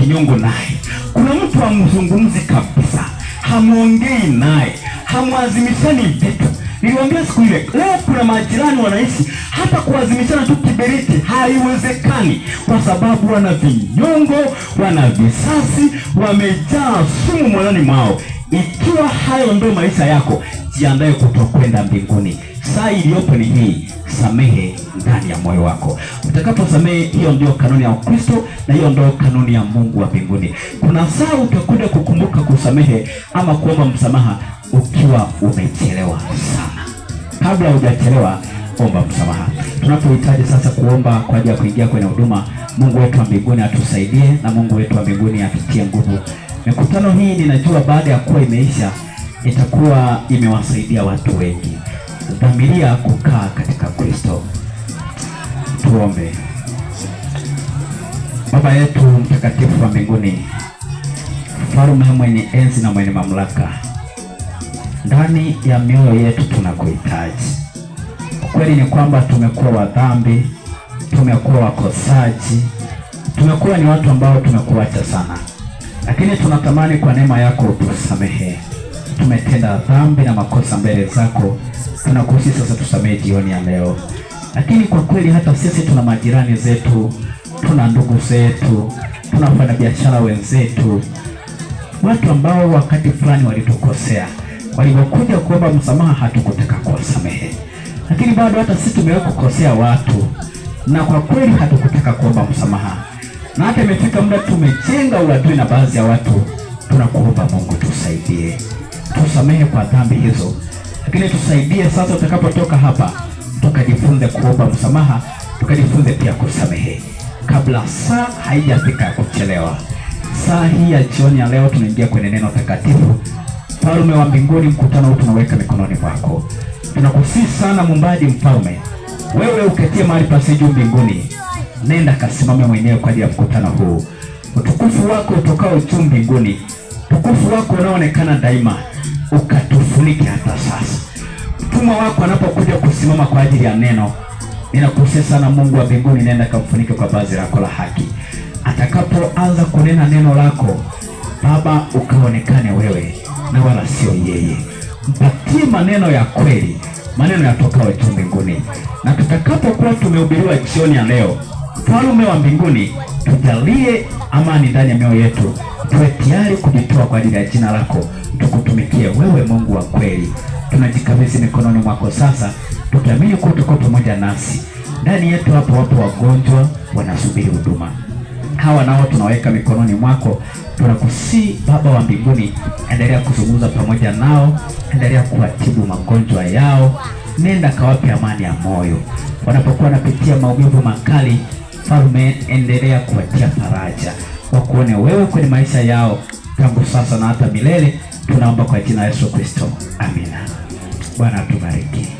kinyongo naye. Kuna mtu hamzungumzi kabisa, hamwongei naye, hamwazimishani vitu. Niliwaambia siku ile, leo kuna majirani wanaishi hata kuazimishana tu kiberiti haiwezekani, kwa sababu wana vinyongo, wana visasi, wamejaa sumu mwanani mwao. Ikiwa hayo ndio maisha yako, jiandaye kutokwenda mbinguni saa iliyopo ni hii, samehe ndani ya moyo wako. Utakaposamehe, hiyo ndio kanuni ya Ukristo na hiyo ndio kanuni ya Mungu wa mbinguni. Kuna saa utakuja kukumbuka kusamehe ama kuomba msamaha ukiwa umechelewa sana. Kabla hujachelewa, omba msamaha. Tunapohitaji sasa kuomba kwa ajili ya kuingia kwenye huduma, Mungu wetu wa mbinguni atusaidie na Mungu wetu wa mbinguni atutie nguvu. Mikutano hii ninajua baada ya kuwa imeisha itakuwa imewasaidia watu wengi dhamiria kukaa katika Kristo. Tuombe. Baba yetu mtakatifu wa mbinguni, mfalme mwenye enzi na mwenye mamlaka, ndani ya mioyo yetu tunakuhitaji. Ukweli ni kwamba tumekuwa wa dhambi, tumekuwa wakosaji, tumekuwa ni watu ambao tumekuacha sana, lakini tunatamani kwa neema yako utusamehe tumetenda dhambi na makosa mbele zako, tunakusihi sasa tusamehe jioni ya leo. Lakini kwa kweli hata sisi tuna majirani zetu, tuna ndugu zetu, tuna wafanyabiashara wenzetu, watu ambao wakati fulani walitukosea, walivyokuja kuomba msamaha hatukutaka kuwasamehe. Lakini bado hata sisi tumewahi kukosea watu, na kwa kweli hatukutaka kuomba msamaha, na hata imefika muda tumejenga uadui na baadhi ya watu. Tunakuomba Mungu tusaidie tusamehe kwa dhambi hizo, lakini tusaidie sasa, tutakapotoka hapa tukajifunze kuomba msamaha, tukajifunze pia kusamehe kabla saa haijafika ya kuchelewa. Saa hii ya jioni ya leo tunaingia kwenye neno takatifu. Mfalme wa mbinguni, mkutano huu tunaweka mikononi mwako. Tunakusii sana mumbaji Mfalme, wewe uketie mahali pasi juu mbinguni, nenda kasimame mwenyewe kwa ajili ya mkutano huu. Utukufu wako utokao juu mbinguni, utukufu wako unaoonekana daima ukatufunike hata sasa. Mtumwa wako anapokuja kusimama kwa ajili ya neno, ninakusihi sana, Mungu wa mbinguni, nenda kamfunike kwa vazi lako la haki. Atakapoanza kunena neno lako, Baba, ukaonekane wewe na wala sio yeye. Mpatie maneno ya kweli, maneno yatokao juu mbinguni, na tutakapokuwa tumehubiriwa jioni ya leo, mfalume wa mbinguni, tujalie amani ndani ya mioyo yetu, tuwe tayari kujitoa kwa ajili ya jina lako tukutu pekee, wewe Mungu wa kweli, tunajikabidhi mikononi mwako sasa, tukiamini kuwa tuko pamoja nasi. Ndani yetu hapo wapo wagonjwa wanasubiri huduma, hawa nao tunaweka mikononi mwako. Tunakusii Baba wa mbinguni, endelea kuzungumza pamoja nao, endelea kuwatibu magonjwa yao, nenda kawape amani ya moyo wanapokuwa wanapitia maumivu makali. Mfalme, endelea kuwatia faraja, wakuone wewe kwenye maisha yao tangu sasa na hata milele. Tunaomba kwa jina Yesu Kristo, amina. Bwana atubariki.